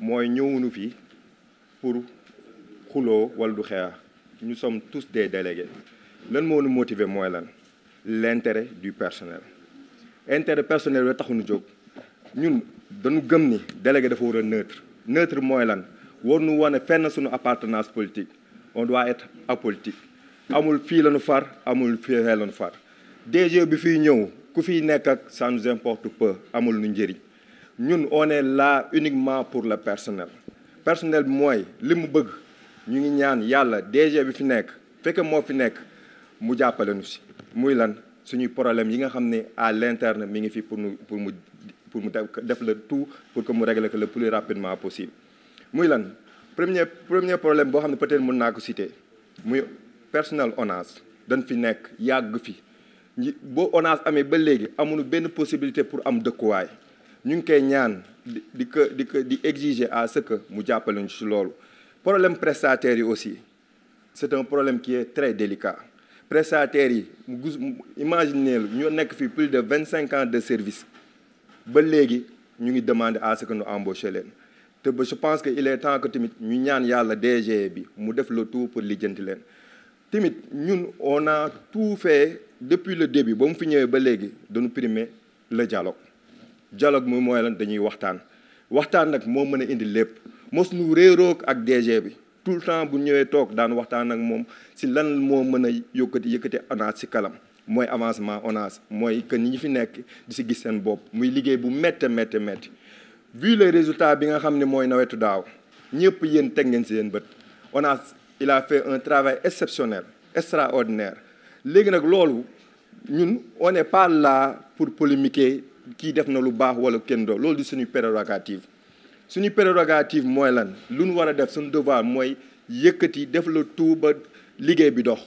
mooy ñëwunu fii pour xuloo wala du xeex ñu sommes tous des délégués lan moo nu motiver mooy lan l'intérêt du personnel intérêt personnel la taxuñu jóg ñun dañu gëm ni délégué dafa war a neutre mooy lan war nu wane fenn sunu appartenance politique on doit être apolitique amul fii lanu far amul fii lañu far DG bi fii ñëw ku fiy nekk ak ça nous importe peu amul nu njëriñ ñun on est là uniquement pour le personnel personnel bi mooy li mu bëgg ñu ngi ñaan yàlla DG bi fi nekk fekke moo fi nekk mu jàppale nu si muy lan suñuy problème yi nga xam ne à l'interne mi ngi fi pour mu pour mu pour mu def le tout pour que mu régler que le plus rapidement possible muy lan premier premier problème boo xam ne peut-être mën naa ko citer muy personnel ONAS dañ fi nekk yàgg fi boo ONAS amee ba léegi amuñu benn possibilité pour am dëkkuwaay ñu ngi koy ñaan di ko di ko di exiger à ce que mu jàppale ñu ci loolu problème prestataires yi aussi c'est un problème qui est très délicat prestataires yi mu gis imaginez ñoo nekk fi plus de vingt cinq ans de service ba léegi ñu ngi demander à ce que ñu embaucher leen te ba je pense que il est temps que tamit ñu ñaan yàlla DG bi mu def le tout pour lijjanti leen tamit ñun on a tout fait depuis le début ba mu fi ñëwee ba léegi dañu primer le dialogue dialogue moom mooy lan dañuy waxtaan waxtaan nag moo mën a indi lépp mos nu réeroog ak DG bi tout le temps bu ñëwee toog daan waxtaan nag moom si lan moo mën a yëkkati yëkkati ONAS si kalam mooy avancement ONAS mooy que ñi ñu fi nekk di si gis seen bopp muy liggéey bu métti métti métti vu les résultat bi nga xam ne mooy nawetu daaw ñëpp yéen teg ngeen si yéen bët il a fait un travail exceptionnel extraordinaire léegi nag loolu ñun on n'est pas pour polémiquer kii def na lu baax wala kenn doo loolu di suñu prérogative suñu prérogative mooy lan lu ñu war a def suñu devoir mooy yëkkati def la tout ba liggéey bi dox